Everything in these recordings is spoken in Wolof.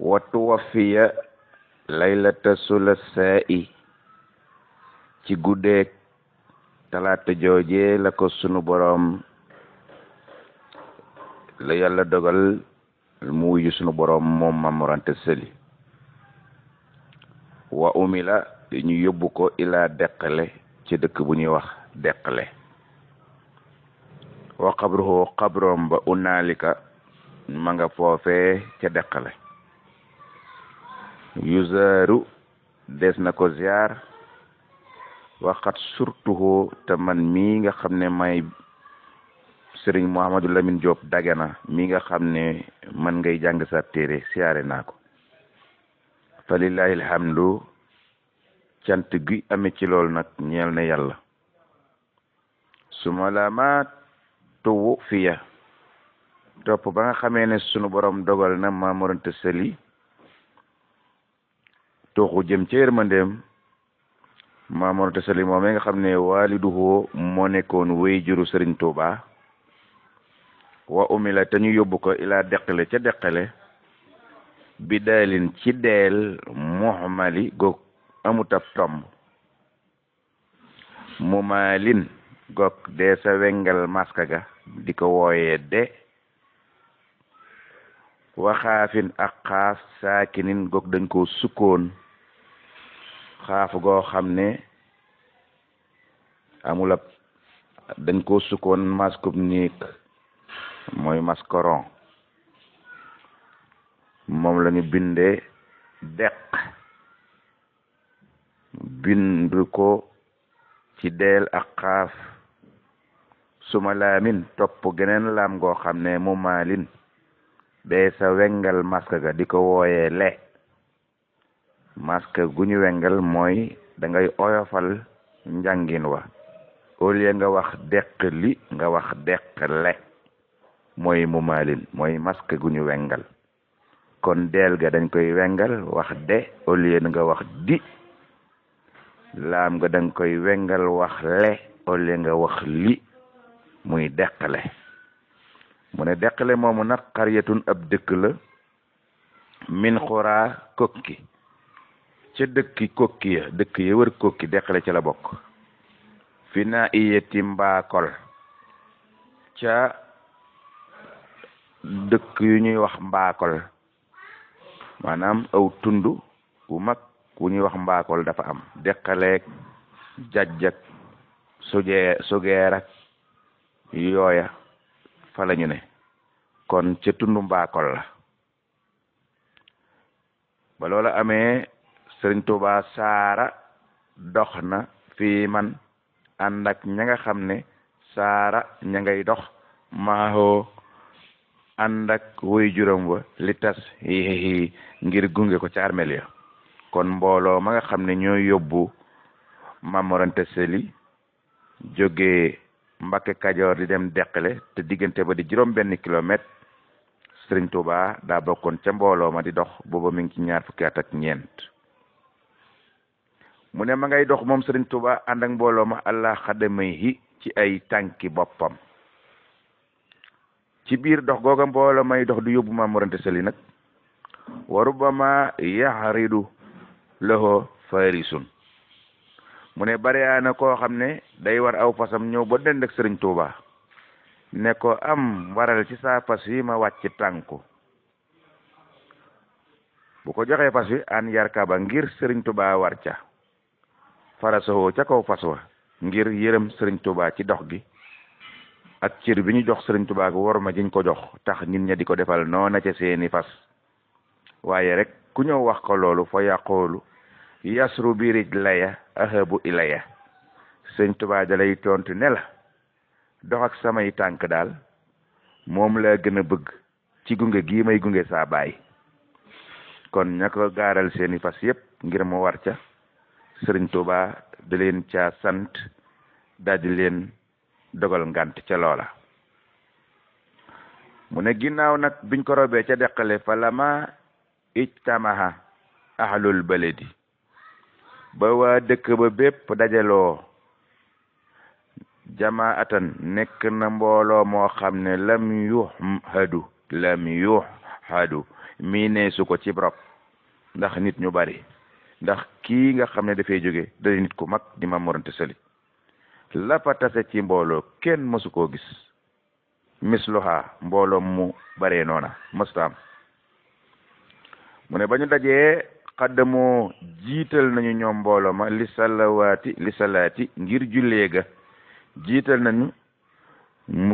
wa tuwafiya laylata sulasa'i ci guddeeg talaata jooje la ko sunu boroom la yàlla dogal mu wuyu sunu borom moom mamorante sëli wa umila ñu yóbbu ko ilaa deqale ci dëkk bu ñuy wax deqale wa xabruhu xabroom ba unaalika ma nga foofe ca deqale yuzaaru des na ko ziar waxat surtuhoo te man mii nga xam ne may sëriñ Mouhamadou Lamine Diop na mi nga xam ne man ngay jàng sa téere siyaare naa ko fa lillahi alhamdu cant gi amee ci lool nag ñeel na yàlla su ma la ma tuwu fiya topp ba nga xamee ne sunu borom dogal na ma morante sëli toxu jëm ca yërmandeem Maamor Anta Sali nga xam ne waaliduhu moo nekkoon wéy juru Sëriñ Tuuba wa umila te ñu yóbbu ko ilaa deqale ca deqale bi daalin ci deel muxmali goog amut tomb mu maalin goog dee sa wengal maska ga di ko wooyee de waxaafin ak xaaf saakinin goog dañ koo sukoon xaaf goo xam ne amula ab dañ koo sukkoon maskub niik mooy maskoron moom la ñu bindee deq bind ko ci deel ak xaaf suma laamin topp geneen laam goo xam ne mu maalin be sa wengal masque ga di ko wooyee le masque gu ñu wengal mooy dangay oyofal njàngin wa au nga wax dëq li nga wax deq le mooy mu maalin mooy masque gu ñu wengal kon deel ga dañ koy wengal wax de au nga wax di laam nga dañ koy wengal wax le au nga wax li muy deq le mu ne deqale moomu nag xaryatun ab dëkk la min kokki ca dëkki kokki ya dëkk ya wër kokki deqale ci la bokk fi naa iyati mbaakol ca dëkk yu ñuy wax mbaakol maanaam aw tund wu mag wu ñuy wax mbaakol dafa am deqaleek jajjak sugee sugeerak yooya fa la ñu ne kon ca tundu mbaakol ba loola amee sëriñ Tuuba saara dox na fi man ànd ña nga xam ne saara ña ngay dox maahoo ànd woy juróom wa li tas yi ngir gunge ko ca armeel ya kon mbooloo ma nga xam ne ñoo yóbbu Maam Mor Anta Sali Mbàkke Kajoor di dem deqale te diggante ba di juróom benn kilomètre Sëriñ Tuuba daa bokkoon ca mbooloo ma di dox booba mi ngi ci ñaar fukki at ak ñeent mu ne ma ngay dox moom Sëriñ Tuuba ànd ak mbooloo ma allah xadamay hi ci ay tànki boppam ci biir dox googa mbooloo may dox di yóbbu Maam Mor Sali nag wa rubbama yaxridu lahu farisun mu ne bari na koo xam ne day war aw fasam ñëw ba dend ak sëriñ Tuuba ne ko am waral ci saa fas wi ma wàcc tànku bu ko joxee fas wi an yarkaba ngir sëriñ Tuuba war ca farasowoo ca kaw fas wa ngir yërëm sëriñ Tuuba ci dox gi ak cër bi ñu jox sëriñ Tuuba war ma jiñ ko jox tax nit ña di ko defal noona ca seeni fas waaye rek ku ñëw wax ko loolu fa yàqoolu yasru birij laya ahabu ilaya sëñ tubaa dalay tontu ne la dox ak samay tànk daal moom laa gën a bëgg ci gunge gii may gunge saa baay kon ña ko gaaral seeni fas yépp ngir mu war ca sëriñ tubaa da leen caa sant daldi leen dogal ngant ca loola mu ne ginnaaw nag biñ ko robee ca deqale fa lama ijtamaha ahlul baladi ba waa dëkk ba bépp dajaloo jamaatan nekk na mbooloo moo xam ne lam yuux hadu lam yuux hadu mii ne ko ci rob ndax nit ñu bari ndax kii nga xam ne dafay jóge day nit ku mag dima ma morante sëli la ci mbooloo kenn mësu koo gis misluha mbooloo mu baree noona mësta mu ne ba ñu dajee xaddamoo jiital nañu ñoom mbooloo ma li salawaati li salaati ngir jullee ga jiital nañu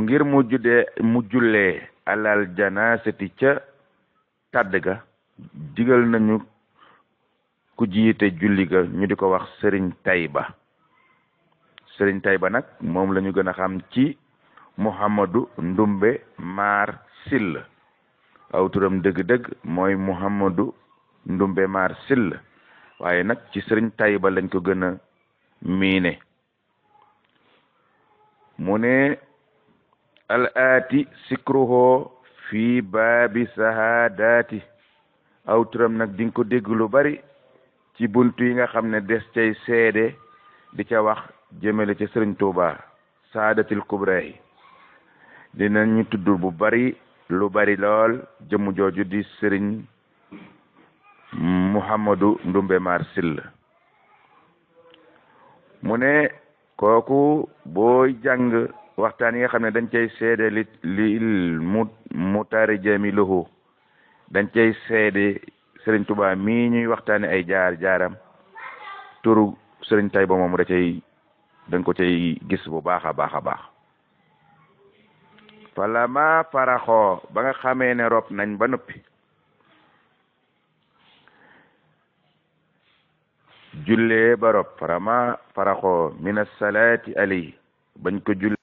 ngir mu juddee mu jullee alal janaasati ca tàdd ga digal nañu ku jiite julli ga ñu di ko wax sëriñ Tayba sëriñ Tayba nag moom lañu gën a xam ci Muhammadu Ndumbe Maar Sill aw dëgg-dëgg mooy Muhammadu ndumbe maar sill waaye nag ci sëriñ Tayba lañ ko gën a miine mu ne al aati sikruhoo fii baabi sahaadaati aw turam nag dinga ko dégg lu bari ci bunt yi nga xam ne des cay seede di ca wax jëmale ci sëriñ Tuuba saadatil kubra yi dinañu tudd bu bari lu bari lool jëmu jooju di sëriñ Mouhamadou Ndumbe Mar Sill mu ne kooku booy jàng waxtaan yi nga xam ne dañ cay seede li li mu mu taari jami lahu dañ cay seede Sëriñ Tuubaa mii ñuy waxtaane ay jaar jaaram turu Sëriñ Tayba moom da cay dañ ko cay gis bu baax a baax a baax falama faraxoo ba nga xamee ne rob nañ ba noppi jullee ba rob farama faraxoo mina salaati alayhi bañ ko jullee